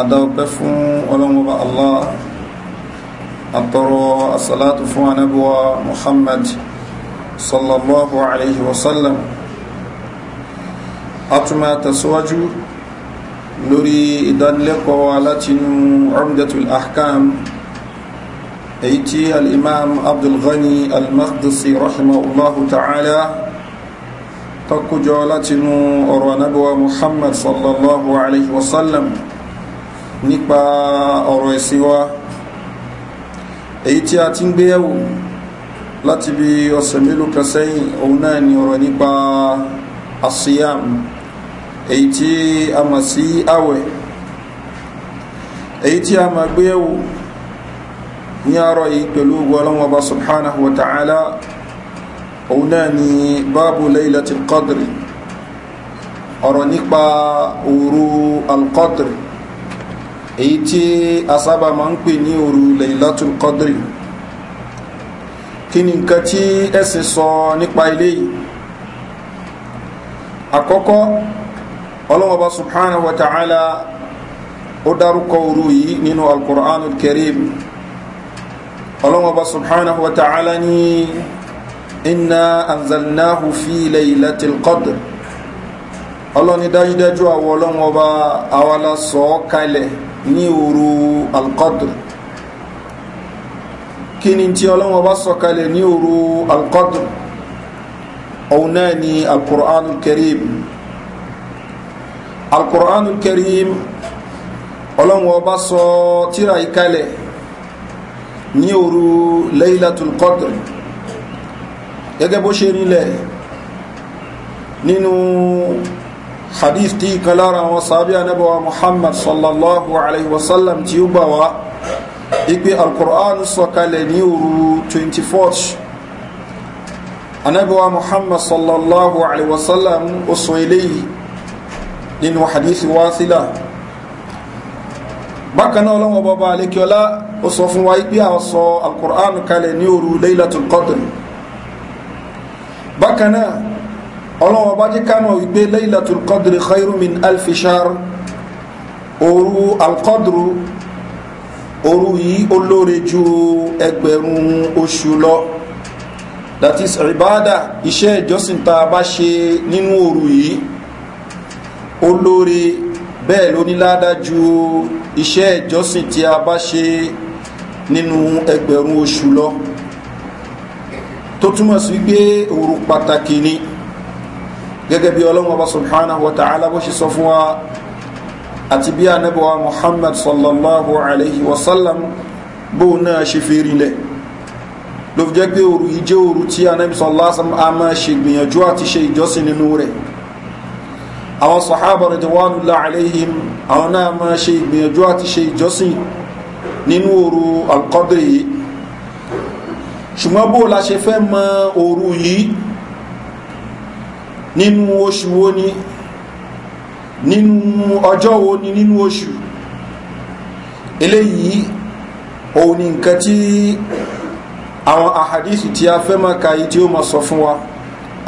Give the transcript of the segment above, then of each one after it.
adáwọ̀pẹ́ fún ọlọ́mọba allah àtọrọ asàlátù fún anábíwá muhammad sallallahu alaihi wasallam a tún máa tẹ̀síwájú lórí ìdánilẹ́kọ̀ọ́ alátinú umdatul ahkam èyí tí al'imam abdulghani al-makhdisi rahimahullahu ta'ala takujọ látinú ọ̀rọ̀ anábíwá muhammad sallallahu alaihi wasallam nípa ọ̀rọ̀ ẹ̀sìn wa èyí tí a ti ń gbé yẹ̀wò láti bí ọ̀sẹ̀ mélòó kan sẹ́yìn òun náà ni ọ̀rọ̀ nípa asiyam èyí tí a mọ̀ sí àwẹ̀ èyí tí a mọ̀ gbé yẹ̀wò ní àárọ̀ yìí pẹ̀lú ọlọ́wọ́ bá subhanahu wa ta'ala òun náà ni báàbù laylatil qadri ọ̀rọ̀ nípa òru al èyí tí a sábà máa ń pè ní òru leilatul qadri kí ni nǹkan tí ẹ̀sìn sọ nípa ilé yìí àkọ́kọ́ ọlọ́mọba subhanahu wa ta'ala ó dárúkọ òru yìí nínú alkùránul karim ọlọ́mọba subhanahu wa ta'ala ní inna anzalnahu fi leilatul qadri ọlọ́ni dájúdájú àwọ ọlọ́run ọba awala sọ ọ́ kalẹ̀ ní òru alqadr kí ni tí ọlọ́run ọba sọ kalẹ̀ ní òru alqadr òun náà ni alqur'an kareem alqur'an kareem ọlọ́run ọba sọ tíra ìkalẹ̀ ní òru laylatul qadr gẹ́gẹ́ bó ṣe rí lẹ̀ nínú hadith tí kan lára àwọn sábíà nẹ́bọ̀wá muhammad sallallahu alayhi wa sallam tí ó gbà wá ipe alkur'an sọkalẹ̀ ní òru 24th anẹ́bọ̀wá muhammad sallallahu alayhi wa sallam ó sọ eléyìí nínú hadith wáṣílà bákan náà lọ́wọ́ bọ́ba alékiọlá ó sọ fún wa ipe àwọn alkur'an kalẹ̀ ní òru laylatul qadr bákan ọlọ́wọ́n bá jẹ́ kánú wípé laylatul qadri khairu min alfi shahr òru alqadru òru yìí olóore ju ẹgbẹ̀rún oṣù lọ that is ibada iṣẹ́ ìjọsìn tá a bá ṣe nínú òru yìí olóore bẹ́ẹ̀ ló ní ládàá ju iṣẹ́ ìjọsìn tí a bá ṣe nínú ẹgbẹ̀rún oṣù lọ tó túmọ̀ sí pé òru pàtàkì ni gẹ́gẹ́ bí ọlọ́run ọba subhanahu wa ta'ala bó ṣe sọ fún wa àti bí anábọ̀wá muhammad sallallahu alayhi wa sallam bóun náà ṣe fi rinlẹ̀ ló fi jẹ́ pé òru yìí jẹ́ òru tí anábì sallallahu alayhi a máa ṣe gbìyànjú àti ṣe ìjọsìn nínú rẹ̀ àwọn sàhábà rẹ̀dẹ̀wánulá aléhìm àwọn náà ma ṣe ìgbìyànjú àti ṣe ìjọsìn nínú òru alkọ́dẹ̀ yìí ṣùgbọ́n bó la ṣe fẹ́ mọ òru yìí nínú oṣù wo ni nínú ọjọ́ wo ni nínú oṣù eléyìí òun ni nǹkan tí àwọn àhàdìsì tí a fẹ́ máa ka yìí tí ó máa sọ fún wa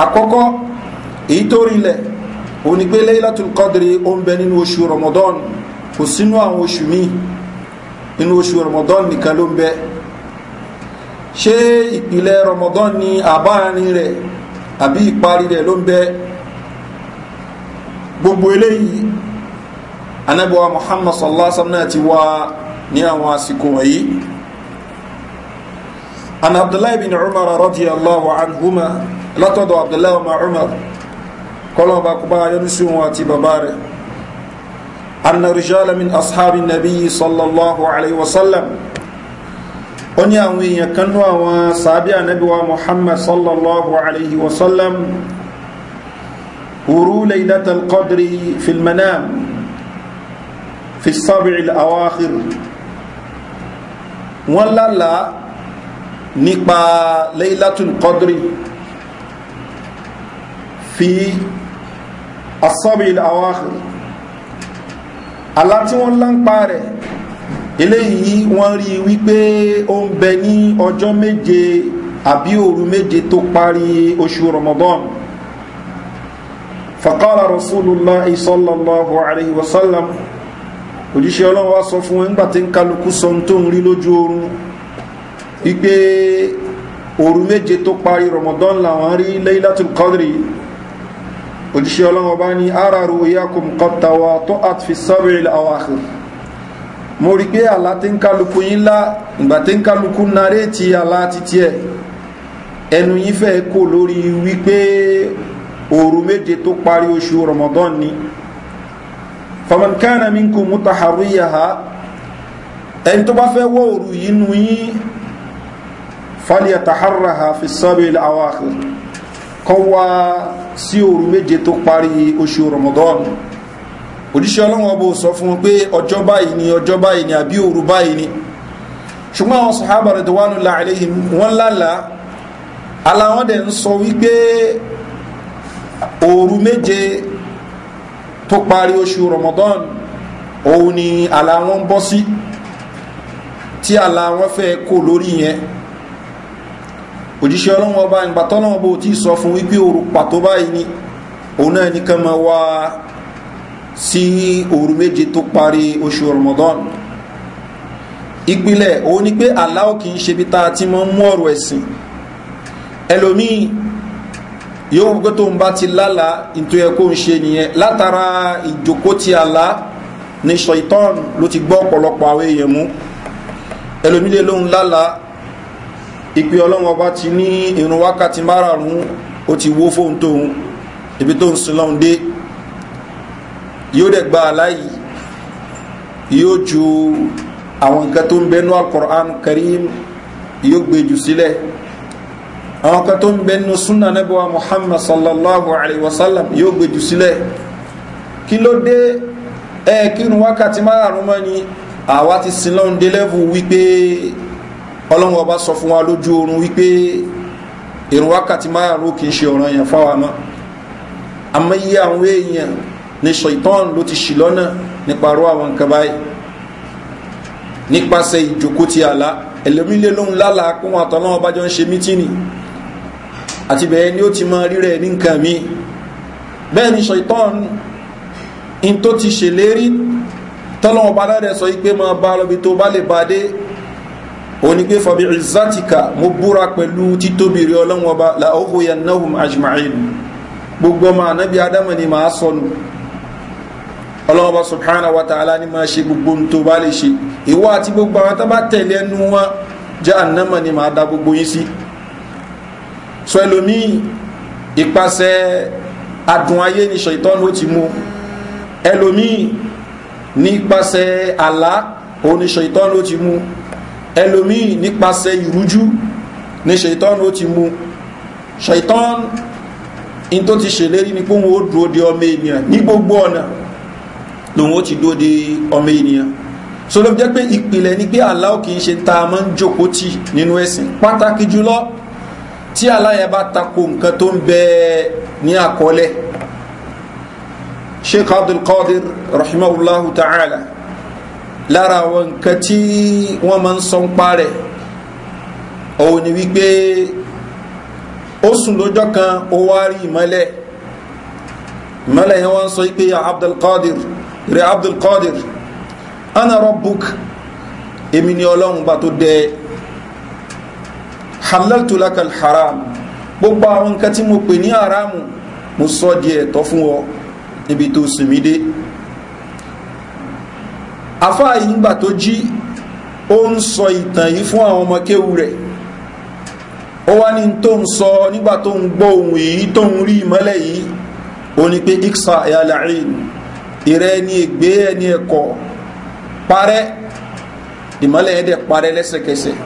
àkọ́kọ́ èyí tó rinlẹ̀ òun ni pé lẹ́yìnlátún kọ́dìrì ó bẹ nínú oṣù ramadan kò sínú àwọn oṣù míì nínú oṣù ramadan nìkan ló ń bẹ ṣé ìpìlẹ̀ ramadan ni àbáàrin rẹ̀ àbí ìparí rẹ̀ ló ń bẹ gbogbo eléyìí anábíwá muhammad sallallahu alaihi wasallam ti wá ní àwọn àsìkò wọ̀nyí an abdullahi bin umar radiyallahu anhuma látọ̀dọ̀ abdullahi bin umar kọlọ̀ bá kú bá yọnu sí wọn àti bàbá rẹ̀ anna rijala min ashabi nabi sallallahu alaihi wasallam ó ní àwọn èèyàn kan nú àwọn sàábí ànábíwá muhammad sallallahu alayhi wa sallam wúrú laylat alqadri filmanam fi sábìrì awakhir wọ́n lálàá nípa laylatul qadri fi asábìrì awakhir alá tí wọ́n eléyìí wọ́n rí wípé ó ń bẹ ní ọjọ́ méje àbí òru méje tó parí oṣù ramadan fàkàlà rasulullah sallallahu alayhi wa sallam òjíṣẹ́ ọlọ́run wá sọ fún ẹgbà tí ń kálukú sọ tó ń rí lójú oorun wípé òru méje tó parí ramadan làwọn rí leilatul qadri òjíṣẹ́ ọlọ́run ọba ní ara ro kọtawa tó àtfi sábẹ̀rẹ̀ àwọn àkìrì mo rí pé àlá tí ń kálukú yín lá ìgbà tí ń kálukú naréètì àlá títí ẹ̀ ẹnu yín fẹ́ kó lórí wípé òru méje tó parí oṣù Ramadan ni faman kana minkum mutaharriyaha ẹni tó bá fẹ́ wọ́ òru yìí nu yín falyataharraha fi sabil awakhir kọ́ wá sí òru méje tó parí oṣù Ramadan ni òjíṣẹ́ ọlọ́run ọba ò sọ fún wọn pé ọjọ́ báyìí ni ọjọ́ báyìí ni àbí òru báyìí ni ṣùgbọ́n àwọn sàhábà rẹ̀ tó wà nù láàrin wọn lálàá aláwọn dẹ̀ ń sọ wípé òru méje tó parí oṣù Ramadan òun ni aláwọn bọ́ sí tí aláwọn fẹ́ kó lórí yẹn òjíṣẹ́ ọlọ́run ọba ìgbàtọ́lọ́wọ́ bó ti sọ fún wípé òru pàtó báyìí ni òun náà ní máa wá sí òru méje tó parí oṣù ramadan ìpìlẹ̀ òun ni pé aláwọ̀ kì í ṣe bí ta ti mọ́ mú ọ̀rọ̀ ẹ̀sìn ẹlòmíì yóò wọ́n pé tó ń bá ti lálàá nítorí ẹ̀ kó ń ṣe nìyẹn látara ìjòkó ti àlá ní ṣọ̀ìtàn ló ti gbọ́ ọ̀pọ̀lọpọ̀ àwọn èèyàn mú ẹlòmíì lè lóun lálàá ìpè ọlọ́run ọba ti ní irun wákàtí márààrún ó ti wó fóun tóun ibi tó ń sin lọ́hun dé yóò dẹ̀ gba aláyì yóò ju àwọn nǹkan tó ń bẹnu al-Qur'an karim yóò gbé jù sílẹ̀ àwọn kan tó ń bẹnu súnà nẹ́bọ̀wá Muhammad sallallahu alayhi wa sallam yóò gbé jù sílẹ̀ kí ló dé ẹ kírun wákàtí márùn mọ́ ni àwa ti sin lọ́n dé lẹ́fù wípé ọlọ́run ọba sọ fún wa lójú oorun wípé ìrun wákàtí márùn kì í ṣe ọ̀ranyàn fáwa mọ́ àmọ́ iye àwọn èèyàn ní ṣèitán ló ti ṣì lọ́nà nípa ro àwọn nǹkan báyìí nípasẹ̀ ìjòkó ti àlá ẹlòmílẹ̀ ló ń lálà kó wọn àtọ́lọ́wọ́ bá jọ ń ṣe mítìnì àti bẹ̀ẹ́ ni ó ti máa rírẹ̀ ní nǹkan mi bẹ́ẹ̀ ni ṣèitán in tó ti ṣèlérí tọ́lọ́wọ́ bá lọ́dẹ̀ sọ pé máa bá lọ́bi tó bá lè bá dé òní pé fọbi ìzátìkà mo búra pẹ̀lú títóbi rí ọlọ́wọ́ bá làókòyà náà àjùmáyìn gbogbo ọmọ ànábì ádámù ni sọnù ọlọ́ọ̀bá subhanahu wa ta'ala ni máa ṣe gbogbo ohun tó bá lè ṣe ìwọ àti gbogbo àwọn tábà tẹ̀lé ẹnu wọn jahannama ni máa da gbogbo yín sí sọ ẹlòmíì ìpasẹ̀ adùn ayé ni ṣètọ́nù ó ti mú ẹlòmíì nípasẹ̀ àlá òun ni ṣètọ́nù ó ti mú ẹlòmíì nípasẹ̀ ìrújú ni ṣètọ́nù ó ti mú ṣètọ́nù in tó ti ṣèlérí ni pé òun ó dúró de ọmọ ènìyàn ní gbogbo ọ̀nà lòun ó ti dúró de ọmọ ènìyàn so ló fi jẹ́ pé ìpìlẹ̀ ni pé Allah kì í ṣe tá máa ń jókòó tì nínú ẹ̀sìn pàtàkì jùlọ tí Allah yẹn bá tako nǹkan tó ń bẹ ní àkọọ́lẹ̀ sheikh abdul qadir rahimahullahu ta'ala lára àwọn nǹkan tí wọ́n máa ń sọ ń òun ni wípé ó sùn lójọ́ kan ó wá rí ìmọ́lẹ̀ ìmọ́lẹ̀ yẹn wọ́n sọ wípé abdul qadir rẹ abdulkadir ana rabbuk èmi ni ọlọ́run bá tó dẹ halaltu lakal haram gbogbo àwọn nǹkan tí mo pè ní haramu mo sọ di ẹ̀tọ́ fún ọ níbi tó sinmi dé afá yìí ńgbà tó jí ó ń sọ ìtàn yìí fún àwọn ọmọ rẹ̀ ó wá ní tó ń sọ nígbà tó ń gbọ́ ohun yìí tó ń rí ìmọ́lẹ̀ yìí ó ní pé iksa ayalain ìrẹ́ ẹni egbe ẹni ẹ̀kọ́ parẹ́ ìmọ́lẹ̀ ẹ̀dẹ̀ parẹ́ lẹ́sẹ̀kẹsẹ̀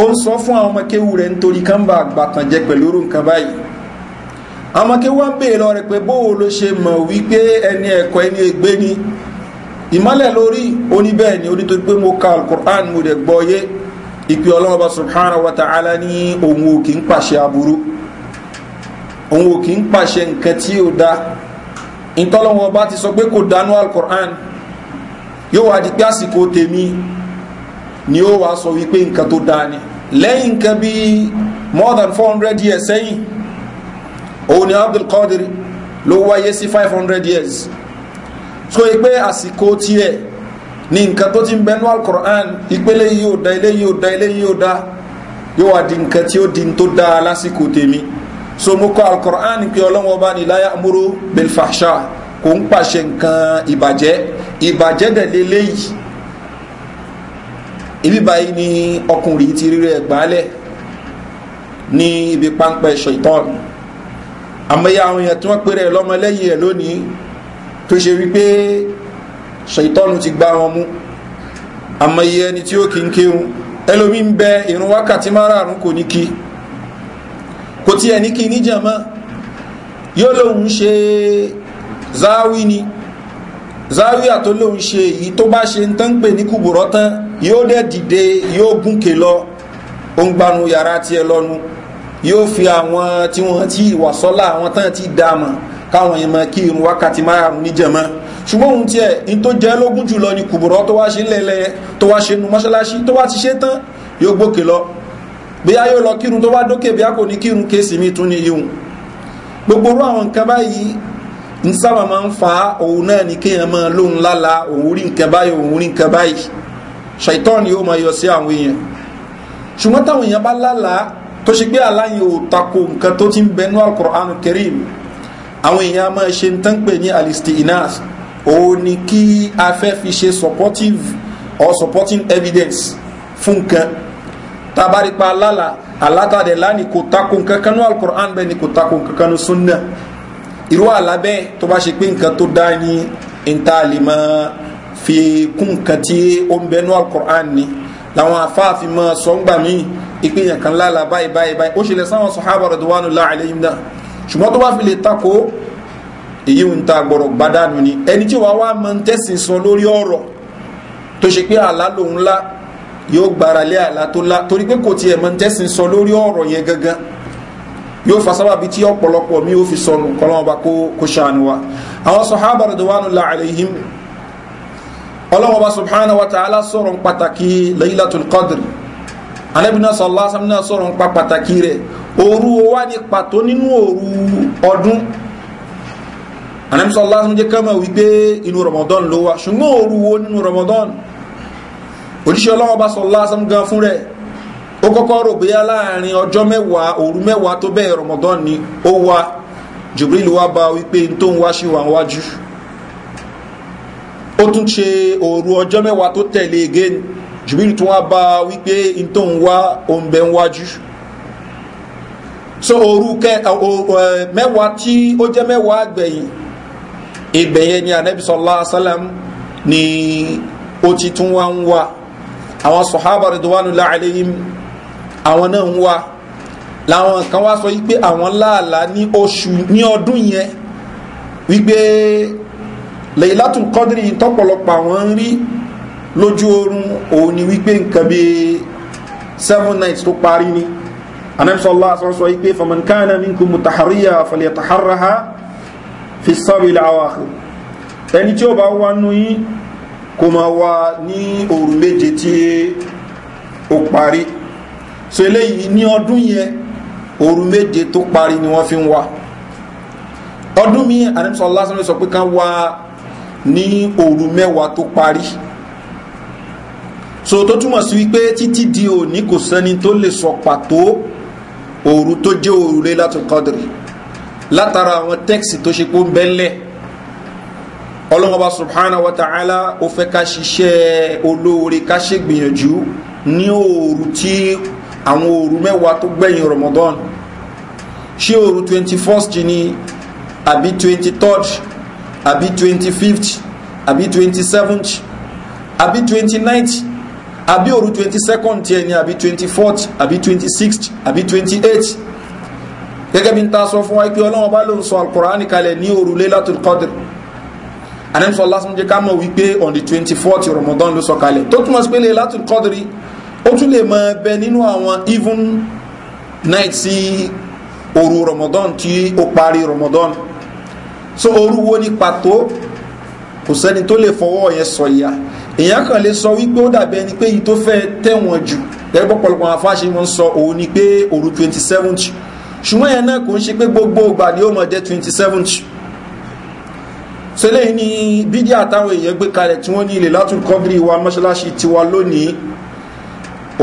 ó ń sọ fún àwọn ọmọkéwu rẹ̀ nítorí kan bá àgbàtàn jẹ pẹ̀lú orú nǹkan báyìí ọmọkéwu wọn béèrè lọ pé bóò ló ṣe mọ̀ wípé ẹni ẹ̀kọ́ ẹni ni ìmọ́lẹ̀ lórí ni onítorí pé mo ka alukur'an mo dẹ̀ gbọ́ yé ìpè ọlọ́ọ̀bá subhanahu wa ta'ala ní òun ò ń ìtọ́lọ́wọ́n bá ti sọ pé kò dánú alkùnrán yóò wá di pé àsìkò tèmi ni ó wá sọ wípé nǹkan tó dáa ni lẹ́yìn nǹkan bí more than four hundred years sẹ́yìn òun ni abdul qadir ló wáyé sí five hundred years so pé àsìkò tiẹ̀ ni nǹkan tó ti ń bẹnu alkùnrán ìpele yìí ò da ilé yìí ò da ilé yìí ò da yóò wá di nǹkan tí ó di tó dáa lásìkò tèmi so mo kọ alukur'an pé ọlọ́wọ́n bá ní láyà múrú bilfasha kò ń pàṣẹ nǹkan ìbàjẹ́ ìbàjẹ́ dẹ̀ lélẹ́yìí ibi báyìí ni ọkùnrin ti rí rẹ̀ gbálẹ̀ ní ibi páńpẹ́ ṣètọ́n àmọ́yá àwọn èèyàn tí wọ́n pèrè lọ́mọ lẹ́yìn ẹ̀ lónìí tó ṣe wípé ṣètọ́n ti gbá wọn mú àmọ́yẹ ẹni tí ó kí ń kéhun ẹlòmí ń bẹ ìrún wákàtí márààrún kò ní kí kò tí ẹni kí ní jẹmọ́ yóò lóun ṣe záwí ni záwí àtó lóun ṣe èyí tó bá ṣe ń tán pè ní kùbùrọ́ tán yóò dẹ̀ dìde yóò gúnkè lọ ó ń gbanu yàrá tiẹ̀ lọ́nu yóò fi àwọn tí wọ́n ti wà àwọn tán ti dá mọ̀ káwọn yẹn máa kí irun wákàtí márùn ní jẹmọ́ ṣùgbọ́n ohun tiẹ̀ ní tó jẹ́ lógún jùlọ ni kùbùrọ́ tó wá ṣe lẹ́lẹ́ tó wá ṣe nu mọ́ṣáláṣí tó wá ti ṣe tán yóò gbókè lọ bí yóò lọ kírun tó bá dókè bí kò ní kírun mi tún ní ihun gbogbo orú àwọn nǹkan báyìí ń sábà máa ń fa òun náà ní kéèyàn máa lóhun lála òun rí nǹkan báyìí òun rí nǹkan báyìí ṣàìtọ́ni yóò máa yọ sí àwọn èèyàn ṣùgbọ́n táwọn èèyàn bá lálàá tó ṣe pé ò nǹkan tó ti ń bẹnu alkùránù kẹrìm àwọn èèyàn máa ṣe ni kí fi or supporting evidence fún nǹkan tabaripa lala alata de la ni kò tako nǹkan kan ní ni kò tako nǹkan kan sunna irú àlá bẹ́ẹ̀ tó bá ṣe pé nǹkan tó dá ní ntaalima fi kún nǹkan tí ó ń bẹ ní alukur'an ni làwọn afáàfin máa sọ ń gbà mí ìpínyà kan lala báyìí báyìí báyìí ó ṣẹlẹ̀ sáwọn sọ̀hábà radwanullahi alayhim náà ṣùgbọ́n tó bá fi lè tako èyí ń ta gbọ̀rọ̀ gbádànù ni ẹni tí wàá wá máa ń tẹ̀sìn sọ lórí ọ̀rọ̀ tó ṣe pé àlá lòun yóò gbára lé àlá tó lá torí pé kò tiẹ̀ mọ̀ ń tẹ́sìn sọ lórí ọ̀rọ̀ yẹn gangan yóò fa sábàbí tí ọ̀pọ̀lọpọ̀ mi ò fi sọnù kọ́lọ́wọ́n bá kó ṣàánú wa àwọn sọ̀hábà radwanullahi alaihim ọlọ́wọ́ba subhanahu wa ta'ala sọ̀rọ̀ pàtàkì laylatul qadr anabina sallallahu alaihi wasallam sọ̀rọ̀ pa pàtàkì rẹ̀ òru wa ni pàtó nínú òru ọdún anabina sallallahu alaihi jẹ́ ká wípé inú ramadan ló wà ṣùgbọ́n òru wo nínú ramadan òjíṣẹ́ ọlọ́wọ́ bá sọ lásán gan fún rẹ̀ ó kọ́kọ́ rò bóyá láàrin ọjọ́ mẹ́wàá òru mẹ́wàá tó bẹ́ẹ̀ rọmọdán ni ó wá jibril wá bá wípé tó ń wá sí wà wájú ó tún ṣe òru ọjọ́ mẹ́wàá tó tẹ̀lé again jibril tún wá bá wípé tó ń wá òǹbẹ ń wájú so òru mẹ́wàá tí ó jẹ́ mẹ́wàá àgbẹ̀yìn ìbẹ̀yẹ ni anabi sọlá asálàm ni ó ti tún wá ń wá. Wa àwọn sọ̀hábà ridwanullahi alayhim àwọn náà ń wá làwọn kan wá sọ wípé àwọn láàlá ní oṣù ní ọdún yẹn wípé Laylatul Qadri tọ́pọ̀lọpọ̀ àwọn ń rí lójú oorun òun ni wípé nǹkan bíi seven nights tó parí ni anamsọ́lá sọ́sọ́ wípé faman kana minkum mutahariya falyataharraha fi sabil awakhir ẹni tí ó bá wà nù kó ma wá ní òru méje tí ó parí so eléyìí ní ọdún yẹn òru méje tó parí ni wọ́n fi ń wá ọdún mi àdìmísọ̀ lásán sọ pé ká wá ní òru mẹ́wàá tó parí so tó túmọ̀ sí wípé títí di òní kò sẹ́ni tó lè sọ pàtó òru tó jẹ́ òrùlé látòkọ́dìrì látara àwọn tẹ́ksì tó ṣe pé ń bẹ́ńlẹ̀ ọlọ́mọba subhanahu wa ta'ala ó fẹ́ ká ṣiṣẹ́ olóore ká ṣe gbìyànjú ní òru tí àwọn òru mẹ́wàá tó gbẹ̀yìn ramadan ṣé òru 21st ni àbí 23rd àbí 25th àbí 27th àbí 29th àbí òru 22nd tiẹ̀ ni àbí 24th àbí 26th àbí 28th gẹ́gẹ́ bí n ta sọ fún wa pé ọlọ́mọba ló ń sọ alukóraní kalẹ̀ ní òru lẹ́látùl kọ́dìrì àdẹ́sọ̀ lásán jẹ́ ká mọ̀ wípé on the twenty fourth Ramadan ló sọ̀kalẹ̀ tó túmọ̀ sí pé lè láti kọ́dìrí ó tún lè máa bẹ nínú àwọn even night sí òru Ramadan tí ó parí Ramadan so oru wo ní pàtó kò sẹ́ni tó lè fọwọ́ yẹn sọ̀yà èèyàn kan lè sọ wípé ó dàbí ẹni pé èyí tó fẹ́ tẹ̀wọ̀n jù gẹ́gẹ́ pọ̀pọ̀lọpọ̀ àwọn afáṣe wọn sọ òun ni pé oru twenty seventh ṣùgbọ́n yẹn náà kò ń ṣe pé gbogbo ìgbà ni ó máa jẹ́ twenty seventh sẹ́lẹ̀ ní bídí àtàwọn èèyàn gbé kalẹ̀ tí wọ́n ní ilẹ̀ látún kọ́dírì wa mọ́ṣáláṣí tiwa lónìí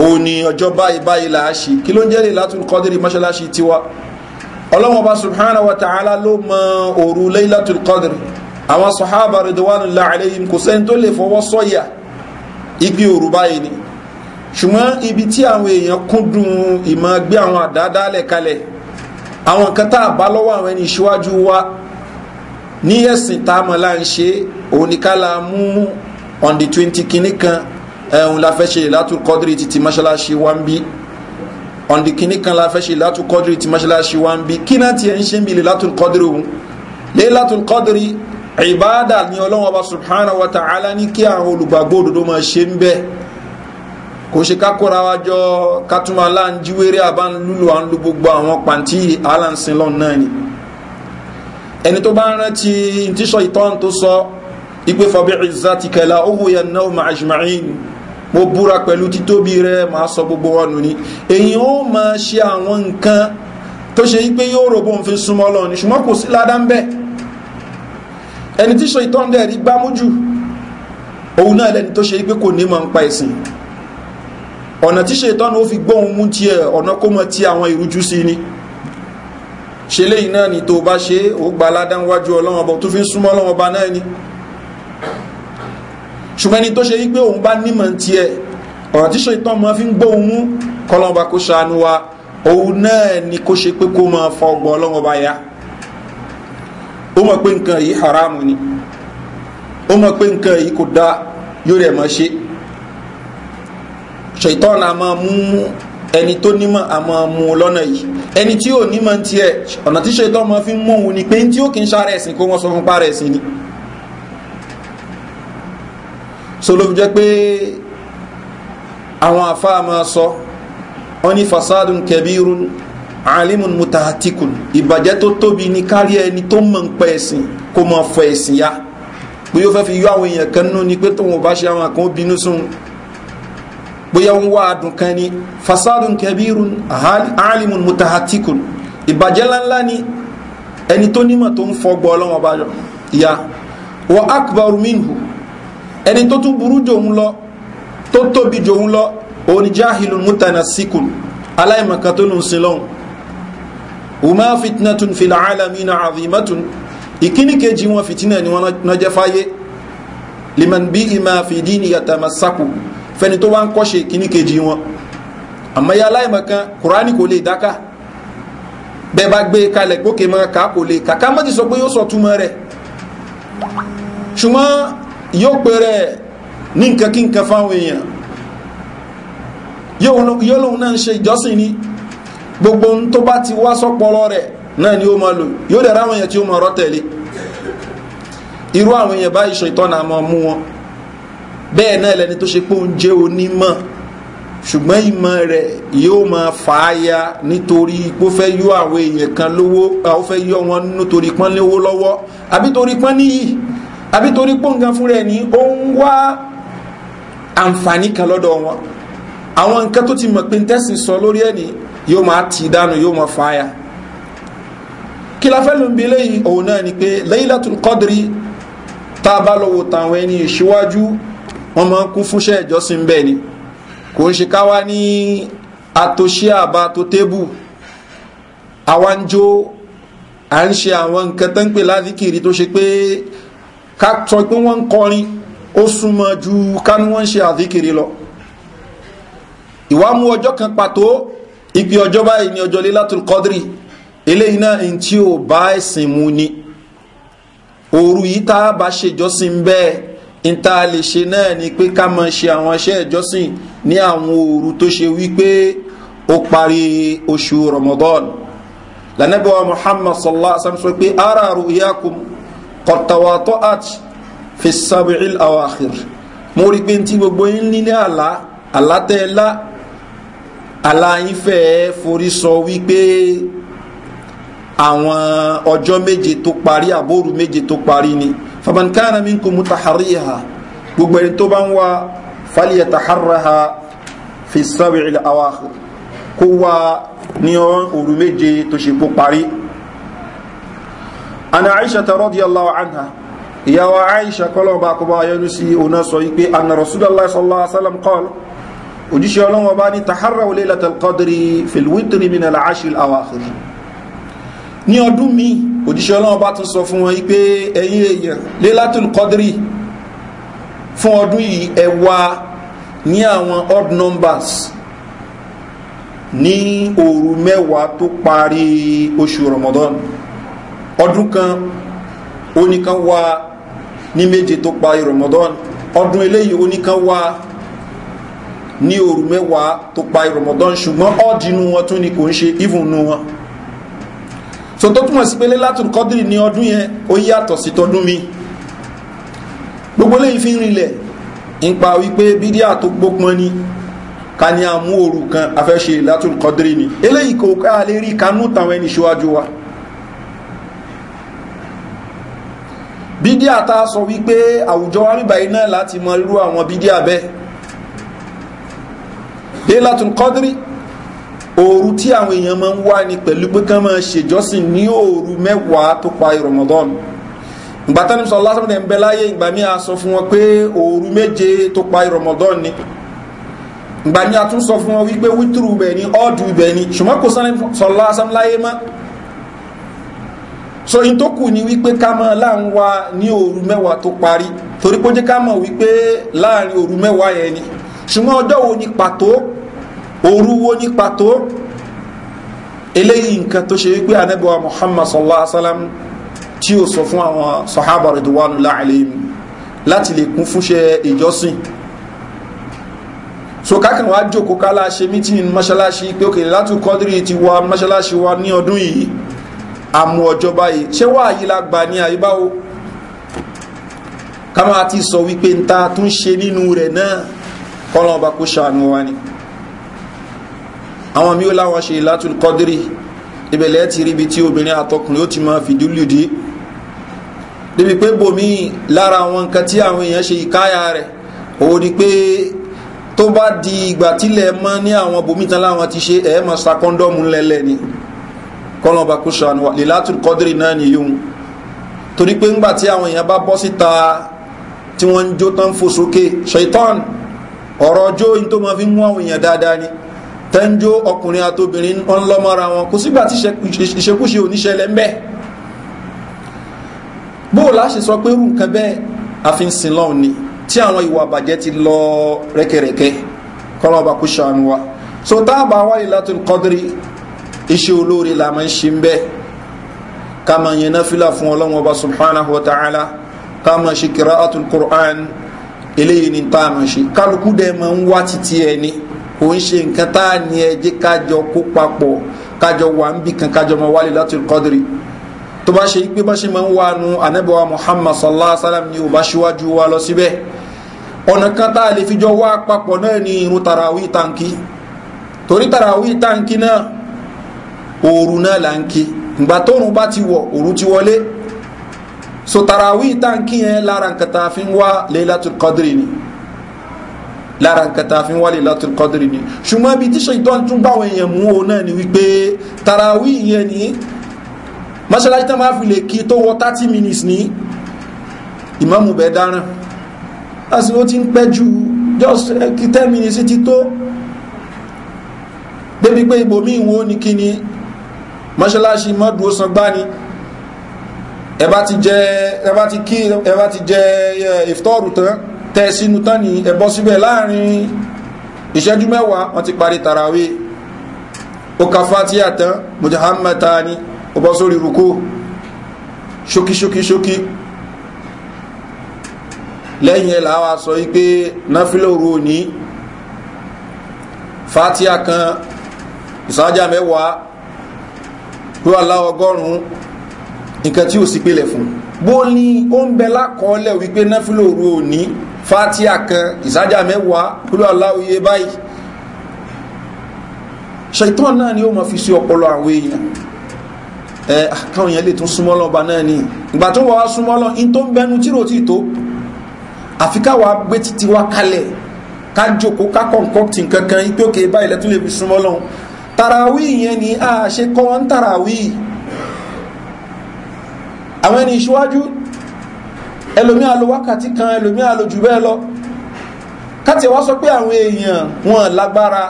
òun ni ọjọ́ báyìí báyìí là á ṣe kí ló ń jẹ́ ilẹ̀ látún kọ́dírì mọ́ṣáláṣí tiwa ọlọ́wọ́n subhanahu wa ta'ala ló mọ òru lẹ́yìnlátún kọ́dírì àwọn sọ̀hábà rẹ̀dọ̀wánù láàrẹ́yìn kò sẹ́ni tó lè fọwọ́ sọ́yà ipi òru báyìí ni ṣùgbọ́n ibi tí àwọn èèyàn kúndùn ìmọ̀ gbé àwọn àdádálẹ̀ kalẹ̀ àwọn kan tá a bá lọ́wọ́ àwọn ẹni ìṣíwájú wa ní ẹ̀sìn tá a mọ̀ là ń ṣe òun ni ká la mú on the twenty kìíní kan ẹ̀hún eh, la fẹ́ ṣe ìlàtúrú kọ́dírì títí mọ́ṣáláṣí wá bí on the kìíní kan la fẹ́ ṣe ìlàtúrú kọ́dírì títí mọ́ṣáláṣí wá ń bí kí náà tiẹ̀ ń ṣe ń bí ìlàtúrú kọ́dírì òun ìlàtúrú kọ́dírì ìbáàdà ni ọlọ́wọ́n ọba subhanahu wa ta'ala ní kí àwọn olùgbàgbọ́ òdodo máa ṣe ń bẹ́ẹ̀ kò ṣe ká kóra wa jọ ká túmọ̀ aláǹjíwéré àbá ń lùlù à ń lu gbogbo àwọn pàǹtí aláǹsìn náà ni ẹni tó bá ń rántí tíṣọ ìtọ́n tó sọ ipe fabi izzatika la ughwiyannahum ajma'in mo búra pẹ̀lú títóbi rẹ màá sọ gbogbo wọn nù ni èyí ó máa ṣe àwọn nǹkan tó ṣe yí pé yóò rò bóun fi súnmọ́ lọ́ni ṣùgbọ́n kò sí ládá ń bẹ̀ ẹni tíṣọ ìtọ́n dẹ̀ rí gbámújù òun náà lẹni tó ṣe yí pé kò ní mọ̀ ń pa ẹ̀sìn ọ̀nà tíṣe ìtọ́n ó fi gbóhun mú tiẹ̀ ọ̀nà kó mọ̀ ti àwọn ìrújú sí ni ṣe léyìn náà ni tó bá ṣe ó gba aládánwájú ọlọ́wọ́n ọba tó fi ń súnmọ́ ọlọ́wọ́n ọba náà ni ṣùgbọ́n ẹni tó ṣe wípé òun bá nímọ̀ ti ẹ̀ ọ̀rọ̀ tí ṣètò ọmọ fi ń gbó òun mú kọlọ́ọ̀bá kó ṣàánú wa òun náà ni kó ṣe pé kó máa fọ ọgbọ́n ọlọ́wọ́n ọba ya ó mọ̀ pé nǹkan yìí haramu ni ó mọ̀ pé nǹkan yìí kò dáa yóò rẹ̀ mọ́ ṣe ṣètò ọ̀nà máa mú ẹni tó nímọ̀ àmọ́ mú un lọ́nà yìí ẹni tí ò nímọ̀ ń tiẹ̀ ọ̀nà tí ṣètò ọmọ fi ń mú òun ni pé tí ó kì í ṣàrẹ̀ ẹ̀sìn kó wọ́n sọ fún parẹ̀ ẹ̀sìn ni. so ló fi jẹ́ pé àwọn àfáà máa sọ wọ́n ní fasadun kẹbírun alimun mutahatikun ìbàjẹ́ tó tóbi ní kárí ẹni tó mọ̀ ń pẹ́ ẹ̀sìn kó mọ̀ fọ ẹ̀sìn ya pé yóò fẹ́ fi yọ àwọn èèyàn kan nú ni pé tóun ò bá ṣe àwọn àkàn binú sóun bóyá ń wá adùn kan ni fasadun kabirun alimun mutahatikun ìbàjẹ́ ńláńlá ni ẹni tó nímọ̀ tó ń fọgbọ́ ọlọ́wọ́ bá ya wa akbaru minhu ẹni tó tún burú jòun lọ tó tóbi jòun lọ òun jahilun mutanasikun aláìmọ̀kan tó lùn sí lọ́hùn uma fitnatun fil alamina azimatun ìkíní kejì wọn fitina ni wọn náà jẹ liman bí ima fìdí ni yàtàmà sákùn fẹni tó wá ń kọ́ṣe kíní kejì wọn àmọ́ ya aláìmọ̀kan kùránì kò lè dáká bẹ́ẹ̀ bá gbé e kalẹ̀ gbókè mọ́ ká kò lè kàkà mọ́ ti sọ pé yóò sọ túmọ̀ rẹ̀ ṣùgbọ́n yóò pèrè ní nǹkan kí nǹkan fáwọn èèyàn yóò lóun gbogbo ohun tó bá ti wá rẹ̀ náà ni ó máa lò yóò dẹ̀ ráwọn èèyàn tí ó máa rọ́ tẹ̀lé irú àwọn èèyàn báyìí ṣe wọn bẹ́ẹ̀ náà lẹni tó ṣe pé òun jẹ́ onímọ̀ ṣùgbọ́n ìmọ̀ rẹ̀ yóò máa fàáya nítorí pé ó fẹ́ yọ àwọn èèyàn kan lówó ó fẹ́ yọ wọn nítorí pọ́n lówó lọ́wọ́ àbí torí pọ́n níyì àbí torí pọ́ǹgan fúnra ẹ̀ ní ó ń wá àǹfààní kan lọ́dọ̀ wọn àwọn nǹkan tó ti mọ̀ pé tẹ́sì sọ lórí ẹ̀ ní yóò máa tì í dànù yóò máa fàáya kí la fẹ́ ló ń bi eléyìí òun náà ni pé Laylatul Qadri tá a bá lọ wò tàwọn ẹni ìṣíwájú wọ́n máa ń kún fúnṣẹ́ ìjọsìn bẹ́ẹ̀ ni kò ń ṣe káwa ní àtòṣe àbá tó tébù àwa ń jó à ń ṣe àwọn nǹkan tó ń pè ládìkìrì tó ṣe pé ká sọ pé wọ́n ń kọrin ó súnmọ́ ju ká ní wọ́n ń ṣe àdìkìrì lọ ìwà mú ọjọ́ kan pàtó ipi ọjọ́ báyìí ní ọjọ́ Lailatul Qadri eléyìí náà n tí ò bá ẹ̀sìn mu ni òru yìí tá a bá ṣèjọ́sìn bẹ́ẹ̀ níta lè ṣe náà ni pé ká máa ṣe àwọn iṣẹ́ ìjọsìn ní àwọn òru tó ṣe wípé ó parí oṣù ramadan lànàbí wa muhammad sallallahu alaihi wasallam sọ pé ara ruhiyakum kọtawatọ at fi sabi'il awakhir mo rí pé tí gbogbo yín nílé àlá àlátẹ́lá àlá forí sọ wípé àwọn ọjọ́ méje tó parí àbóòrù méje tó parí ni fàbànkára mi kò mú tàhàríyà gbogbo ẹni tó bá ń wá fàlìyà tàhàràhà fi sábẹ̀ ilẹ̀ àwà kó wá ní òru méje tó ṣe kó parí ana aisha ta rọ́dí allahu anha ìyàwó aisha kọlọ̀ọ̀bá kọba yẹnu sí ọ̀nà sọ wípé anna rasulallah sallallahu alaihi wasallam kọlọ̀ òjíṣẹ́ ọlọ́wọ́ bá ní tàhàrà olè latalqadiri filwitri min al'ashil awakhir ní ọdún mi òjíṣẹ́ ọlọ́run bá tún sọ fún wọn pé ẹ̀yin èèyàn lélátùl kọ́dírì fún ọdún yìí ẹ wá ní àwọn odd numbers ní òru mẹ́wàá tó parí oṣù ramadan ọdún kan oníkan wá ní méje tó parí ramadan ọdún eléyìí oníkan wá ní òru mẹ́wàá tó parí ramadan ṣùgbọ́n ọ́ọ̀dì inú wọn tún ni kò ń ṣe ìvùnú wọn so tó túmọ̀ sí pé lẹ́látùn kọ́dìrì ní ọdún yẹn ó yàtọ̀ sí tọdún mi gbogbo lẹ́yìn fi ń rinlẹ̀ nípa wípé bídíà tó gbópọn ni ká ní àmú òru kan afẹ́ṣe lẹ́látùn kọ́dìrì ni eléyìí kò ká lè rí kanú tàwọn ẹni ṣíwájú wa bídíà tá a sọ wípé àwùjọ wa náà láti mọ irú àwọn bídíà bẹ́ẹ̀ lẹ́látùn kọ́dìrì òru tí àwọn èèyàn máa ń wá ni pẹ̀lú pé kán máa ṣèjọ́sìn ní òru mẹ́wàá tó pa ìrọ̀mọ́dọ́nù ìgbà tánú sọ lásán tẹ̀ ń bẹ láyé ìgbà mi sọ fún wọn pé òru méje tó pa ìrọ̀mọ́dọ́nù ni ìgbà mi a tún sọ fún wọn wípé wítúrù bẹ̀ ni ọ́ọ̀dù bẹ̀ ni ṣùgbọ́n kò sọ lásán láyé mọ́ so in tó kù ni wípé ká mọ̀ láàrin wa ní òru mẹ́wàá tó parí torí pé ó jẹ́ ká mọ̀ wípé láàrin òru mẹ́wàá yẹn ni ṣùgbọ́n ọjọ́ wo ni pàtó orúwó ní pàtó eléyìí nǹkan tó ṣe wípé anẹ́bọ̀wà muhammad sallallahu alaihi wasallam tí ó sọ fún àwọn sahaba ridwanu láàrin láti lè kún fúnṣẹ́ ìjọsìn so kákan wá jòkó kálá ṣe mítìn mọ́ṣáláṣí pé òkè látú kọ́dírì ti wá mọ́ṣáláṣí wa ní ọdún yìí àmú ọjọ́ báyìí ṣé wà yí lágbà ní àyíbáwó ká máa ti sọ wípé ń ta tún ṣe nínú rẹ̀ náà kọ́lọ́ọ̀bá kó ṣàánú wa ni àwọn mi ó láwọn ṣe látúl kọ́dírì ìbẹ̀lẹ̀ ti ríbi tí obìnrin àtọkùnrin ó ti máa fìdúlùdí débi pé bòmí lára àwọn nǹkan tí àwọn èèyàn ṣe ìkáyà rẹ̀ òun ni pé tó bá di ìgbà tílẹ̀ mọ́ ní àwọn bòmí tán láwọn ti ṣe ẹ̀ mọ́ sa kọ́ńdọ́ọ̀mù lẹ́lẹ́ ni kọ́lọ́ba kò ṣàánú wa lèlátùl kọ́dírì náà nìyóhun torí pé ńgbà tí àwọn èèyàn bá bọ́ síta tí wọ́n ń jó tán fò sókè ṣèitán ọ̀rọ̀ ọjọ́ yìí tó máa fi mú àwọn èèyàn dáadáa ni tẹ́ńjó ọkùnrin àtobìnrin ń lọ́mọ́ra wọn kò sígbà tí ìṣekúṣe oníṣẹlẹ̀ ń bẹ́ bóò láṣẹ sọ pé irú nǹkan bẹ́ẹ̀ àfihàn lọ́hùn ni tí àwọn ìwà àbàjẹ́ ti lọ rẹ́kẹ̀rẹ́kẹ́ kọ́lọ́ kò ṣàánú wa so tá a bá wáyé láti kọ́dírí iṣẹ́ olóore la máa ń ṣe ń bẹ́ẹ̀ ká máa yẹn náà fílà fún ọlọ́run ọba subhanahu wa ta'ala ká máa ṣe kìrá àtúnkùrán eléyìí ni tá a máa ṣe kálukú dẹ́ máa ń wá títí ẹni. E kò ń ṣe nǹkan tá a ní ẹ jẹ́ kájọ kó papọ̀ kájọ wà ń bì kan kájọ mọ wálé láti kọ́dìrì tó bá ṣe pé bá ṣe máa ń wá nu anábẹ́wà Muhammad sallallahu alayhi wa sallam ni ò bá ṣíwájú wa lọ síbẹ̀ ọ̀nà kan tá a lè fi wá papọ̀ náà ni irun tarawí tanki torí tarawí tanki náà òru náà là ń kí ìgbà tóorùn bá ti wọ̀ òru ti wọlé so tarawí tanki yẹn lára nǹkan tá a fi ń wá Laylatul Qadri ni lára katafin tá a fi ń wálé látìl kọ́dìrì ni ṣùgbọ́n ibi tíṣe ìtọ́ni tún bá àwọn èèyàn mú o náà ni wípé tarawí yẹn ni mọ́ṣáláṣí tó máa fi lè kí tó wọ thirty minutes ní ìmáàmù bẹ̀ dáràn láti ó ti ń pẹ́ ju just eh, kí ten minutes ti tó débi pé ibòmíì wo ni kí ni mọ́ṣáláṣí mọ́dúró sangbá ni ẹ bá ti jẹ ẹ bá ti kí ẹ bá ti jẹ ìfitọ́rù eh, tán tẹ́ sínú tán ní ẹ̀bọ́ síbẹ̀ láàrin ìṣẹ́jú mẹ́wàá wọ́n ti parí tàràwé ó ka fatia tán mujahammata ni ó bọ́ sórí rúkó ṣókí ṣókí ṣókí lẹ́yìn ẹ̀ làwa sọ wípé náfílẹ̀ òru òní fatia kan ìsájà mẹ́wàá rú aláwọ̀ ọgọ́rùn-ún nǹkan tí ò sí pélẹ̀ fún un bó ní ó ń bẹ lákọọ́lẹ̀ wípé náfìlò òru òní fatia kan ìsájà mẹ́wàá kúrò aláwòye báyìí ṣètàn náà ni ó mọ̀ fi sí ọpọlọ àwọn èèyàn ẹ ah, káwọn èèyàn lè tún súnmọ́ lọ́ba náà ni ìgbà tó wàá súnmọ́ lọ in tó ń bẹnu tí rò tí tó àfi káwa gbé títí wá kalẹ̀ ká jòkó ká kọ̀ǹkọ̀tì kankan ìpè òkè báyìí lẹ́tún lè fi súnmọ́ lọ́hùn tàràwí yẹn ni a ṣe kọ́ ń tàràwí yìí àwọn ẹni ìṣíwájú ẹlòmí àlò wákàtí kan ẹlòmí àlò jù bẹ́ẹ̀ lọ káti wá sọ pé àwọn èèyàn wọn lágbára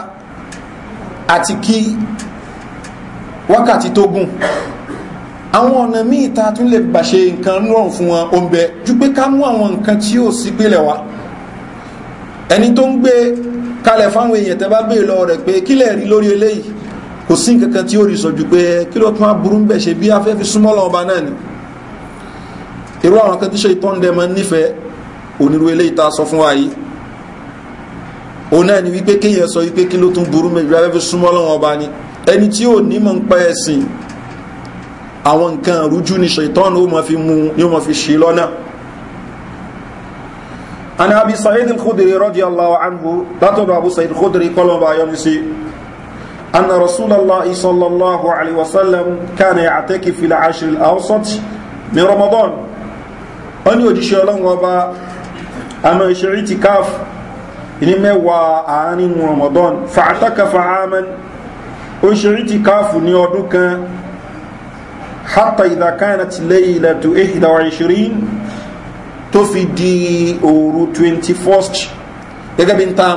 àti kí wákàtí tó gùn àwọn ọ̀nà míì ta tún lè gbà ṣe nǹkan rọrùn fún wọn ó ń bẹ ju pé ká mú àwọn nǹkan tí ó sì gbélẹ̀ wá ẹni tó ń gbé kalẹ̀ fáwọn èèyàn tẹ́ bá béè lọ rẹ̀ pé kílẹ̀ rí lórí eléyìí kò sí nǹkan kan tí ó rí sọ ju pé kí ló aburú ń bẹ̀ ṣe bí afẹ́fẹ́ súnmọ́ lọ́wọ́ bá náà ni irú àwọn kan tí ṣe ìtọ́ ń dẹmọ nífẹ̀ẹ́ onírú eléyìí tá a sọ fún wa yìí òun náà ni wípé kéèyàn sọ wípé kí ló tún burú méjì rárá fi súnmọ́ lọ́wọ́ ọba ni ẹni tí ò ní mọ̀ ń pẹ́ ẹ̀sìn àwọn nǹkan rújú ni ṣètọ́n ó mọ̀ fi mú ní ó mọ̀ fi ṣe lọ́nà an abi sa'id al-khudri radiyallahu anhu látọ̀dọ̀ abu sa'id al-khudri kọlọ̀ba yọ́nu sí anna rasulallah sallallahu alaihi wasallam kana ya'taki fil ashr al-awsat min ramadan wọ́n ní òjíṣẹ́ ọlọ́run ọba àmọ́ ìṣeré ti káf ní mẹ́wàá àárín ramadan fàtàkàfà àmọ́ ó ṣeré ti káf ní ọdún kan hátà ìdàkánà ti lẹ́yìn ilẹ̀ tó èhìdà wà ìṣeré tó fi di òru 21st gẹ́gẹ́ bí n tá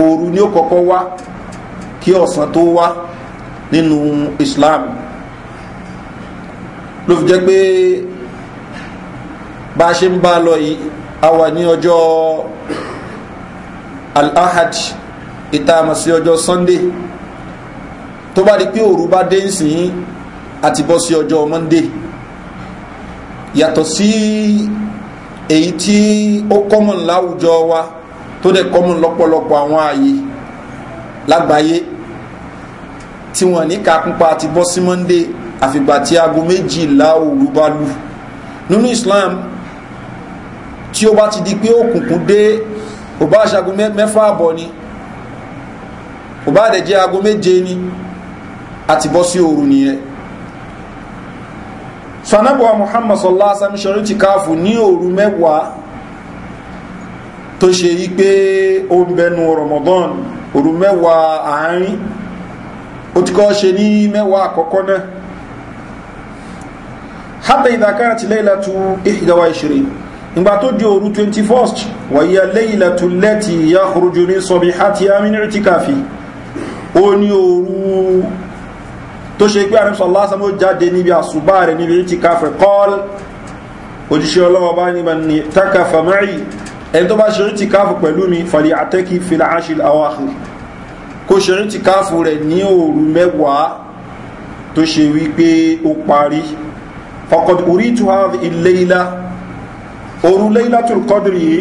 òru ni ó wá kí ọ̀sán tó wá nínú islam ló fi jẹ́ pé bá a ṣe ń bá a lọ yìí a ní ọjọ́ al-ahad ìtaàmà sí ọjọ́ sunday tó bá di pé òru bá dé nsìn àti bọ́ sí ọjọ́ monday yàtọ̀ sí èyí tí ó kọ́mọ̀n láwùjọ wa tó dẹ̀ kọ́mọ̀n lọ́pọ̀lọpọ̀ àwọn ààyè lágbàáyé tí wọ́n ní kápúpa àti bọ́ sí monday àfìgbà tí aago méjìlá òru bá lù nínú islam tí ó bá ti di pé òkùnkùn dé ò bá ṣe mẹ́fà àbọ̀ ni ò bá dẹ̀ jẹ́ aago méje ni ti bọ́ sí oru nìyẹn sanabuwa muhammad sallallahu alaihi wasallam ṣọrí ti káàfù ní oru mẹ́wàá tó ṣe yí pé ó ń bẹnu ramadan òru mẹ́wàá àárín ó ti kọ́ ṣe ní mẹ́wàá àkọ́kọ́ náà hatta idha ìgbà tó di òru 21st wàyí aléìlà tó lẹ́tì ya kúrújú ní sọ̀bí àti amínú ti káfí ó ní òru tó ṣe pé àrísọ̀ lásán ó jáde níbi àṣùbá rẹ̀ níbi ti káfí kọ́l òjíṣẹ́ ọlọ́wọ́ bá ní bani taka famari ẹni tó bá ṣe ti orí tó hàv ilé ilá òru leilatul kọ́dìrì yìí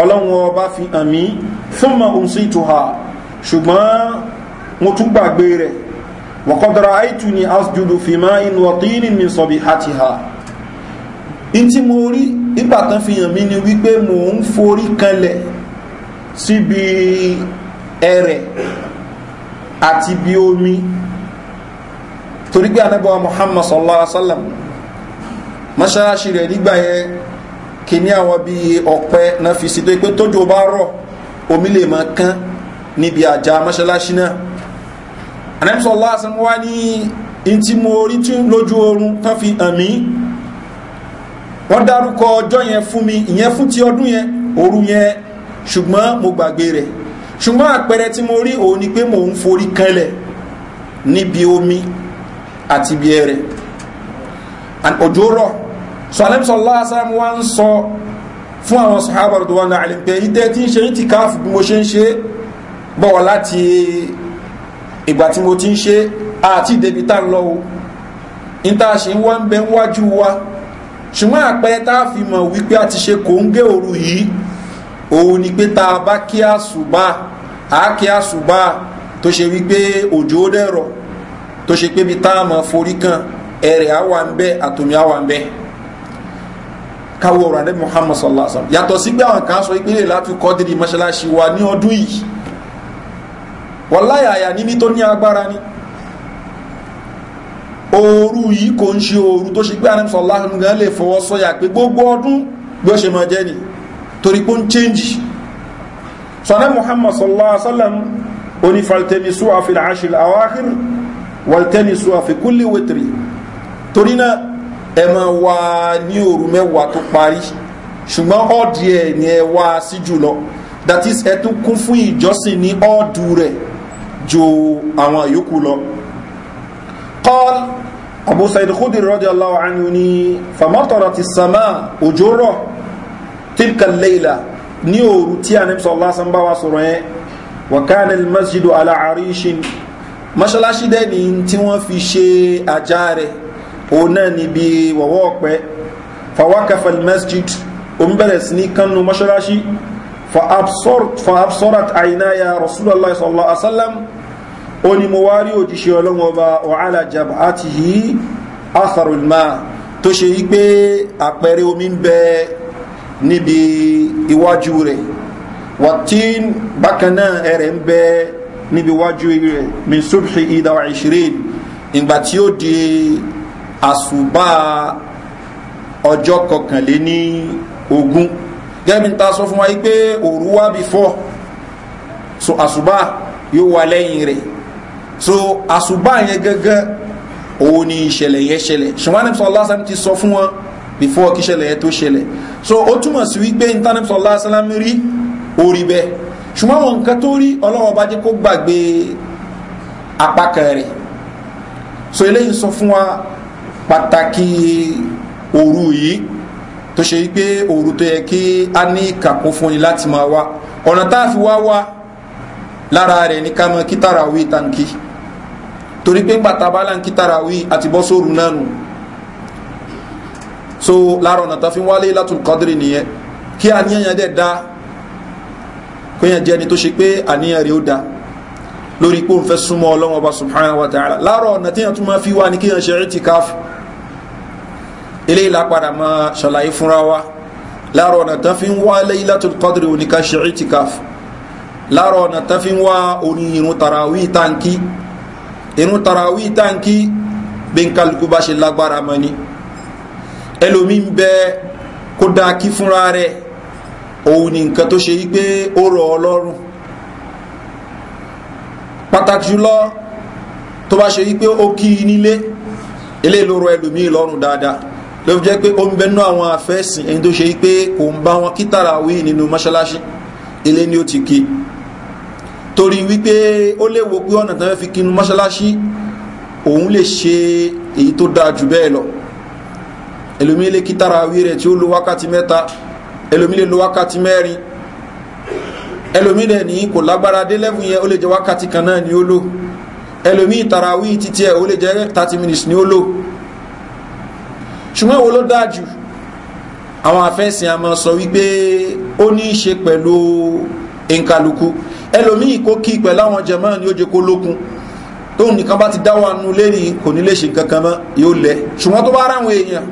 ọlọ́run ọba fi hàn mí fún ma òun sí ìtòhà ṣùgbọ́n mo tún gbàgbé rẹ̀ wọ̀kọ́dọ̀rọ̀ àìtù ni asjudu fi máa inú ọ̀tíìnì mi sọ̀bí àti ha in tí mo rí ìgbàtán fi hàn mí ni wípé mo ń forí kanlẹ̀ síbi ẹ̀rẹ̀ àti bí omi torí pé anábọ̀ muhammad sallallahu alaihi wasallam mọ́ṣáláṣí rẹ̀ nígbà yẹn kìíní àwọn bíi ọ̀pẹ náà fi sí tó pé tójú bá rọ̀ omi lè máa kán níbi àjà mọ́ṣáláṣí náà anamsọ lásán wá ní ntí mo rí tí lójú oorun tán fi hàn mí wọ́n dárúkọ ọjọ́ yẹn fún mi ìyẹn fún ti ọdún yẹn òru yẹn ṣùgbọ́n mo gbàgbé rẹ̀ ṣùgbọ́n àpẹẹrẹ tí mo rí òun ni pé mò ń forí kanlẹ̀ níbi omi àti ibi ẹrẹ̀ òjò rọ̀ so alẹ́ sọ̀lá asáàmù wá ń sọ fún àwọn sàhábà tó wà náà àlẹ́pẹ́ ìdẹ́ tí ń ṣe ìtì káàfù bí mo ṣe ń ṣe bọ̀wọ̀ láti ìgbà tí mo ti ń ṣe àti ìdẹ́bi tá ń lọ o ní tá a ṣe ń wá ń bẹ wájú wa ṣùgbọ́n àpẹẹrẹ tá a fi mọ̀ wípé a ti ṣe kòńgẹ́ òru yìí òun ni pé tá a bá kí àṣùbà á kí àṣùbà tó ṣe wípé òjò dẹ̀rọ̀ tó ṣe pé bí tá forí kan ẹ̀rẹ̀ á wà ń bẹ àtòmí á wà ń bẹ́ẹ̀ káwọ ọ̀rọ̀ àdẹ́bí muhammad sallallahu alaihi wasallam yàtọ̀ sí pé àwọn kan sọ ìpínlẹ̀ láti kọ́dìrì mọ́ṣáláṣí wa ní ọdún yìí wọ́láyà àyà níbi tó ní agbára ni ooru yìí kò ń ṣe ooru tó ṣe pé àdẹ́bí sallallahu alaihi wasallam lè fọwọ́ sọ́yà pé gbogbo ọdún bí ó ṣe mọ̀ jẹ́ ni torí pé ó ń change sọ̀rọ̀ muhammad sallallahu alaihi wasallam onífàltẹ́nisú àfi al-ashri al-awakhir wàltẹ́nisú àfi kulli witri torí náà ẹ máa wá ní òru mẹ́wàá tó parí ṣùgbọ́n ọ̀dì ẹ̀ ni ẹ wá sí jùlọ that is ẹ tún kún fún ìjọsìn ní ọ̀dù rẹ̀ ju àwọn yòókù lọ. paul abu said khudri radiyallahu anhu ni famọ́tọ̀rọ̀ ti sàmà òjò rọ̀ tilka leila ní òru tí a nípa lásán bá wa sọ̀rọ̀ yẹn wakana masjidu ala arishin mọ́ṣáláṣí dẹ́ni tí wọ́n fi ṣe ajá rẹ̀ òun náà ni bí wọ̀wọ́ ọ̀pẹ fawakafa masjid òun bẹ̀rẹ̀ sí ní kánú mọ́ṣáláṣí fa'absorat àìnáyà rasulallah sallallahu alaihi wasallam ó ní mo wá rí òjíṣẹ́ ọlọ́run ọba wàhálà jab àti yìí atharulma tó ṣe yí pé àpẹẹrẹ omi ń bẹ níbi iwájú rẹ̀ wàtín bákan náà ẹ̀rẹ̀ ń bẹ níbi iwájú rẹ̀ min subhi ida ishirin ìgbà tí ó di àsùbá ọjọ́ kọkànléní ogún gẹ́mi ta sọ fún wa pé òru wá before so àsùbá yóò wà lẹ́yìn rẹ̀ so àsùbá yẹn gẹ́gẹ́ òun ni ìṣẹ̀lẹ̀ yẹn ṣẹlẹ̀ ṣùgbọ́n nípa ọlásán ti sọ fún wọn before kí ṣẹlẹ̀ yẹn tó ṣẹlẹ̀ so ó túmọ̀ sí wípé intanẹ́tì ọlásán rí orí bẹ́ẹ̀ ṣùgbọ́n àwọn nǹkan tó rí ọlọ́wọ́ bá jẹ́ kó gbàgbé apá rẹ̀ so eléyìí sọ fún wa pàtàkì òru yìí tó ṣe wípé òru tó yẹ kí a ní ìkàkùn fún ni láti máa wá ọ̀nà tá a fi wá wá lára rẹ̀ ní ká mọ kí tàràwí tàǹkì torí pé gbàtà bá ń kí tàràwí àti bọ́ sóòrù náà nù so lára ọ̀nà tó fi wálé látùn kọ́dírì nìyẹn kí àníyàn dẹ̀ dá kéèyàn jẹ́ ẹni tó ṣe pé àníyàn rẹ̀ ó da lórí pé òun fẹ́ súnmọ́ ọlọ́wọ́n ọba subhanahu wa ta'ala lára ọ̀nà téèyàn tún máa fi wá ní kéèyàn ṣe rìtìkáfù eléyìí la padà máa ṣàlàyé fúnra wa láàárọ̀ ọ̀nà tán fi ń wá Laylatul Qadri oníka ṣe itikaf láàárọ̀ ọ̀nà tán fi ń wá oní irun tarawí tanki irun tarawí tanki bí n kálukú bá ṣe lágbára mọ́ ni ẹlòmí ń bẹ kó dáa kí fúnra rẹ̀ òun ni nǹkan tó ṣe wípé ó rọ̀ ọ́ lọ́rùn pàtàkì jùlọ tó bá ṣe wípé ó kí i nílé eléyìí ló rọ̀ ẹlòmí lọ́rùn dáadáa ló fi jẹ́ pé ó ń bẹnú àwọn afẹ́sìn ẹni tó ṣe pé kò ń bá wọn kí tàràwí nínú mọ́ṣáláṣí ilé ni ó ti kí torí wípé ó léwo pé ọ̀nà tán fẹ́ fi kinu mọ́ṣáláṣí òun lè ṣe èyí tó dáa jù bẹ́ẹ̀ lọ ẹlòmí lè kí tàràwí rẹ̀ tí ó lo wákàtí mẹ́ta ẹlòmí lo wákàtí mẹ́rin ẹlòmí ní kò lágbára dé lẹ́fún yẹn ó lè jẹ wákàtí kan náà ni ó lò ẹlòmí tàràwí títí ẹ̀ ó lè jẹ 30 minutes ni ó lò ṣùgbọ́n èwo ló dáa jù àwọn afẹ́sìn a máa sọ wípé ó ní í ṣe pẹ̀lú nkaluku ẹlòmíì kó kí pẹ̀lú àwọn jẹ̀mọ́ ni ó jẹ́ kó lókun tóun nìkan bá ti dá wà nù lẹ́ni kò ní lè ṣe nǹkan kan mọ́ yóò lẹ̀ ṣùgbọ́n tó bá ráwọn èèyàn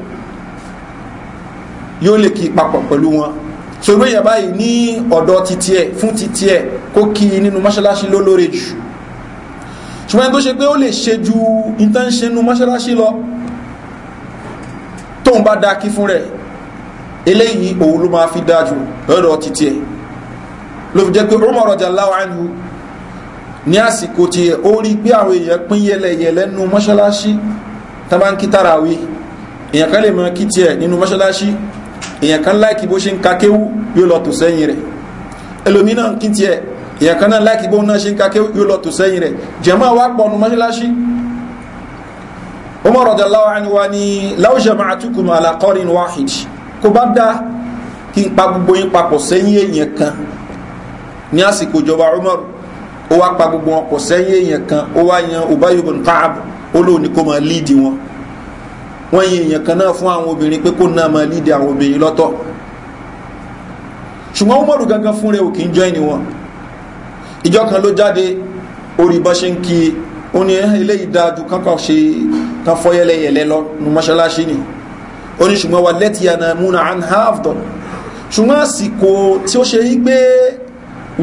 yóò lè kí papọ̀ pẹ̀lú wọn sọ̀rọ̀ èèyàn báyìí ní ọ̀dọ̀ titi ẹ̀ fún titi ẹ̀ kó kí nínú mọ́ṣáláṣí ló lóore jù ṣùgbọ́n tó ṣe pé ó lè ṣe ju ìtàn mọ́ṣáláṣí lọ tóun bá dá kí fún rẹ̀ eléyìí òun ló máa fi dájú lọ́dọ̀ títí ẹ̀ ló fi jẹ́ pé Umar radiyallahu anhu ní àsìkò tí ẹ̀ ó rí pé àwọn èèyàn pín yẹlẹyẹlẹ nínú mọ́ṣáláṣí tá bá ń kí tàràwí èèyàn kan lè mọ kí tiẹ̀ nínú mọ́ṣáláṣí èèyàn kan láìkí bó ṣe ń ka kéwú yóò lọ tò sẹ́yìn rẹ̀ ẹlòmínà kí tiẹ̀ èèyàn kan náà láìkí bó ṣe ń ka kéwú yóò lọ tò sẹ́yìn rẹ̀ jàmáà wá pọ̀ nínú mọ́ṣáláṣí umar radiyallahu anhu wa ni law jama'atukum ala qarin wahid kò bá dá kí n pa gbogbo yín papọ̀ sẹ́yìn èèyàn kan ní àsìkò ìjọba umar ó wá pa gbogbo wọn pọ̀ sẹ́yìn èèyàn kan ó wá yan ubayu bin ka'ab ó lóun ní kó máa líìdì wọn wọ́n yin èèyàn kan náà fún àwọn obìnrin pé kó náà máa líìdì àwọn obìnrin lọ́tọ̀ ṣùgbọ́n umar gangan fún rẹ̀ ò kì í jọ́ ẹni wọn ìjọ kan ló jáde orí bọ́ ṣe ń kí ó ní eléyìí dáa ju kankan ṣe tán fọ́ yẹlẹyẹlẹ lọ nu mọ́ṣáláṣí ni ó ní ṣùgbọ́n wà lẹ́tì yànà múna and half done ṣùgbọ́n àsìkò tí ó ṣe yí pé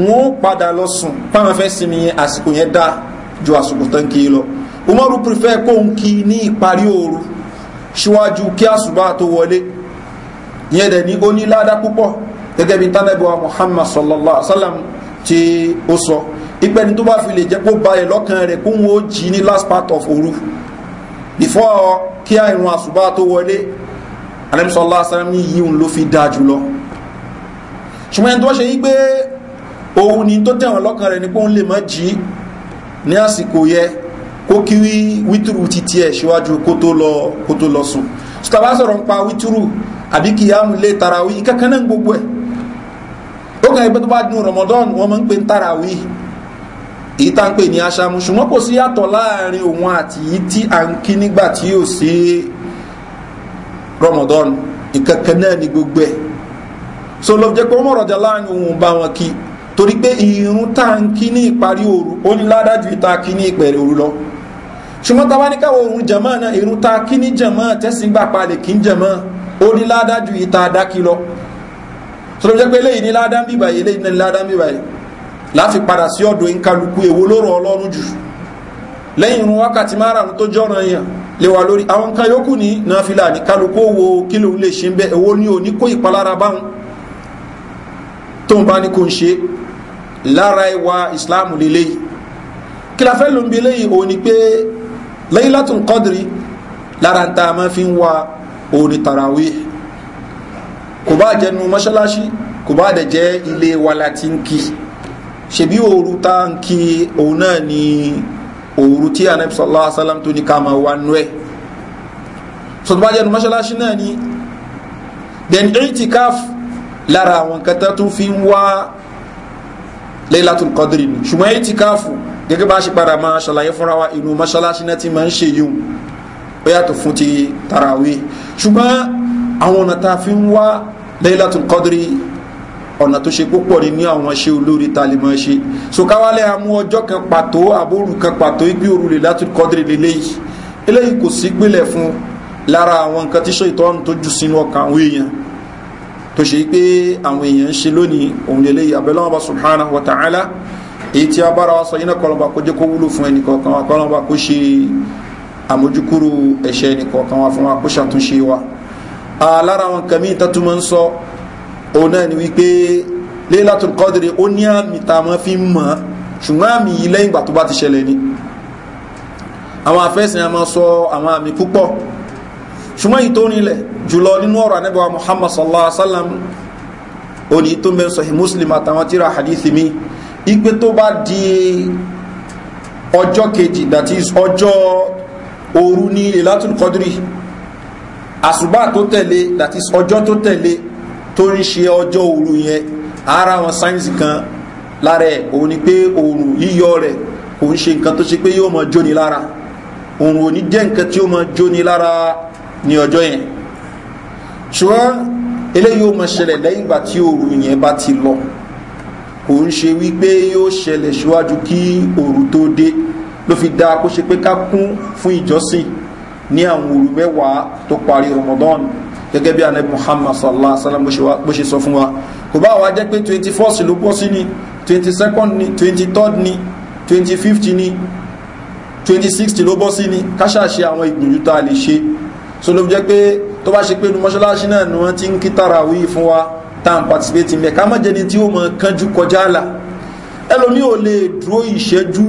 wọ́n padà lọ sùn páwọn fẹ́ sinmi àsìkò yẹn dá ju àsìkò tán kí lọ umaru prefer kó ń kí ní ìparí ooru ṣíwájú kí àsùbá tó wọlé yẹn dẹ̀ ní ó ní ládá púpọ̀ gẹ́gẹ́ bí tánàbíwá muhammad sallallahu alaihi wa sallam tí ó sọ ìpẹni tó bá fi lè jẹ́ kó ba ẹ̀ lọ́kàn rẹ̀ kó ń jí ní last part of ooru before kí á irun àṣùbá tó wọlé anamisọ́lá asára ní yíò ló fi dáa jùlọ ṣùgbọ́n ẹni tó ṣe yí pé òun ni tó tẹ̀wọ̀n lọ́kàn rẹ̀ ní pé òun lè mọ́ jí ní àsìkò yẹ kó kí wítúrù títí ẹ̀ ṣíwájú kó tó lọ sùn sùtàbá sọ̀rọ̀ ń pa wítúrù àbí kì í àmúlé tarawí kankan náà gbogbo ẹ̀ ó kàn yí pé tó bá dùn ramadan wọ́n máa ń pe tarawí èyí tá ń pè ní aṣámú ṣùgbọ́n kò sí yàtọ̀ láàrin òun àti yìí tí ń kí nígbà tí yóò sí ramadan ìkankan náà ni gbogbo ẹ̀ so lọ jẹ́ pé wọ́n mọ̀rọ̀ jà láàrin òun bá wọn kí torí pé irun tá ń kí ní ìparí òru ó ní ládájú ìta kí ní ìpẹ̀rẹ̀ òru lọ ṣùgbọ́n tá bá ní káwọ òun jẹ̀mọ́ náà irun tá kí ní jẹ̀mọ́ tẹ́sí gbà palẹ̀ kí ń jẹ̀mọ́ ó ní ládájú ìta dákí lọ so lọ jẹ́ pé eléyìí ní ládá bíbáyé eléyìí ní ládá bíbáyé láfi padà sí ọ̀dọ̀ ìkàlùkù èwo lóró ọlọ́run jù lẹ́yìn irun wákàtí márùn-ún tó jọ́ràn èèyàn lè wà lórí àwọn nǹkan yòókù ní náfìlà ní kálukú owó kí lòun lè ṣe ń bẹ́ owó ní òní kó ìpalára báwọn tó ń bá ní kò ń ṣe lára ìwà ìsìláàmù lélẹ́yìí kí la fẹ́ ló ń bi eléyìí òun ni pé lẹ́yìn látún kọ́dìrì lára tá a máa fi ń wa òun ni tàràwí kò bá jẹ́ mọ́ṣáláṣí kò bá dẹ̀ jẹ́ ilé wa láti ń kí i ṣebí ooru táǹkì òun náà ni ooru tí anabi sallallahu alayhi wa sallam tó ní ká máa wá nú ẹ̀ sọtúbà jẹ́nu mọ́ṣáláṣí náà ni then itikaf lára àwọn nǹkan tó tún fi ń wá laylatul qadri ni ṣùgbọ́n itikaf gẹ́gẹ́ bá ṣe padà máa ṣàlàyé fúnra wa inú mọ́ṣáláṣí náà ti máa ń ṣe yìí ó yàtọ̀ fún ti tarawih ṣùgbọ́n àwọn ọ̀nà tá a fi ń wá laylatul qadri ọ̀nà tó ṣe púpọ̀ ní ní àwọn ṣe olórí talimọ̀ ṣe so káwálẹ̀ amú ọjọ́ kan pàtó àbóòrù kan pàtó igbí òrùlé láti kọ́dìrì lélẹ́yìí eléyìí kò sí gbélẹ̀ fún lára àwọn nǹkan tí ṣe ìtọ́nù tó jù sínú ọkàn àwọn èèyàn tó ṣe pé àwọn èèyàn ń ṣe lónìí òun lélẹ́yìí abẹ́lẹ́wọ̀n bá subhanahu wa ta'ala èyí tí a bára wa sọ yín náà kọlọ́ba kó jẹ́ kó wúlò fún ẹnì kọ̀ọ̀kan wa Ona ni wípé Laylatul Qadr ó ní àmì tá a máa fi ń mọ̀ ṣùgbọ́n àmì yìí lẹ́yìn ìgbà tó bá ti ṣẹlẹ̀ ni àwọn afẹ́sìn a máa sọ àwọn àmì púpọ̀ ṣùgbọ́n yìí tó nílẹ̀ jùlọ nínú ọ̀rọ̀ anábẹ́wà Muhammad sallallahu alaihi wa sallam òní tó ń bẹ Sahih Muslim àtàwọn tíra hadith mi ipe tó bá di ọjọ́ kejì that is ọjọ́ òru ní Laylatul Qadr àsùbá tó tẹ̀lé that is ọjọ́ tó tẹ̀lé tó ń ṣe ọjọ́ òru yẹn ara wọn sáyẹ́nsì kan lára ẹ̀ òun ni pé òòrùn yíyọ rẹ̀ kò ń ṣe nǹkan tó ṣe pé yóò máa jóni lára òòrùn ò ní jẹ́ nǹkan tí ó máa jóni lára ní ọjọ́ yẹn ṣùgbọ́n eléyìí ó máa ṣẹlẹ̀ lẹ́yìn ìgbà tí òòrùn yẹn bá ti lọ kò ń ṣe wípé yóò ṣẹlẹ̀ ṣíwájú kí òòrùn tó dé ló fi dáa kó ṣe pé ká kún fún ìjọsìn ní àwọn òru mẹ́wàá tó parí Ramadan gẹ́gẹ́ bí anabi muhammad sallallahu alaihi wasallam sallam bó ṣe sọ fún wa kò bá wa jẹ́ pé twenty first ló pọ̀ sí ni twenty second ni twenty third ni twenty fifth ni twenty sixth ló bọ́ sí ni káṣà ṣe àwọn ìgbìyànjú tá a lè ṣe so ló jẹ́ pé tó bá ṣe pé nu mọ́ṣáláṣí náà ni wọ́n ti ń kí tarawih fún wa tá à ń participate mẹ́ ká má jẹni tí ó mọ kánjú kọjá àlà ẹlòmí ò lè dúró ìṣẹ́jú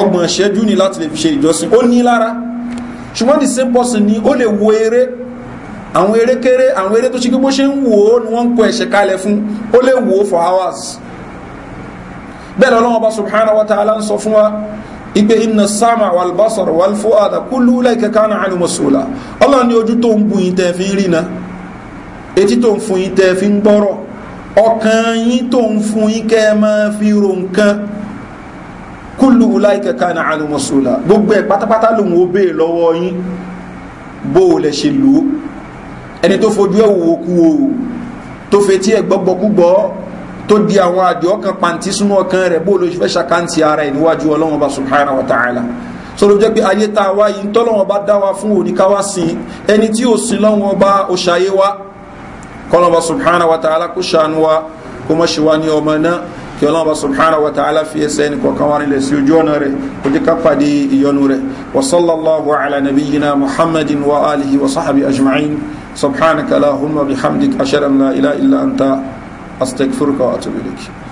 ọgbọ̀n ìṣẹ́jú ni láti lè fi ṣe ìjọsìn ó ní lára ṣùgbọ́n the same person ni ó lè wo eré àwọn erékeré àwọn eré tó ṣe gbogbo ṣe ń wò ó ni wọ́n ń kó ẹ̀ṣẹ̀ kalẹ̀ fún ó lè wò ó for hours bẹ́ẹ̀ lọ́wọ́ bá subhanahu wa ta'ala ń sọ fún wa ipe inna sama wal basar wal fuada kullu ulaika kana anhu masula Ọlọ́run ni ojú tó ń bu yín tẹ́ rí na etí tó ń fún yín tẹ́ gbọ́rọ̀ ọkàn yín tó ń fún yín kẹ́ máa fi ro nǹkan kullu ulaika kana anhu masula gbogbo ẹ̀ pátápátá lòun ó béè lọ́wọ́ yín bó o lè ṣe lò ó ẹni tó fojú ẹ̀ wò kú o tó fetí ẹ̀ gbọ́gbọ́kúgbọ́ tó di àwọn àdì ọkàn pàǹtí sínú ọkàn rẹ̀ bó ló fẹ́ ṣàkáǹtì ara ẹ̀ níwájú ọlọ́wọ́n bá subhanahu wa ta'ala sọ́dọ̀ jẹ́ pé ayé tá a wá yìí tọ́lọ́wọ́n bá dá wa fún oníkáwá sin ẹni tí ò sin lọ́wọ́n bá ó ṣayé wa kọ́lọ́wọ́n bá subhanahu wa ta'ala kó ṣàánú wa kó mọ̀ ṣe wa ní ọmọ náà كلام سبحانه وتعالى في سينك وكواني لسيجونري ودكفا دي يونوري وصلى الله على نبينا محمد وآله وصحبه أجمعين سبحانك اللهم بحمدك أشهد أن لا إله إلا أنت أستغفرك وأتوب إليك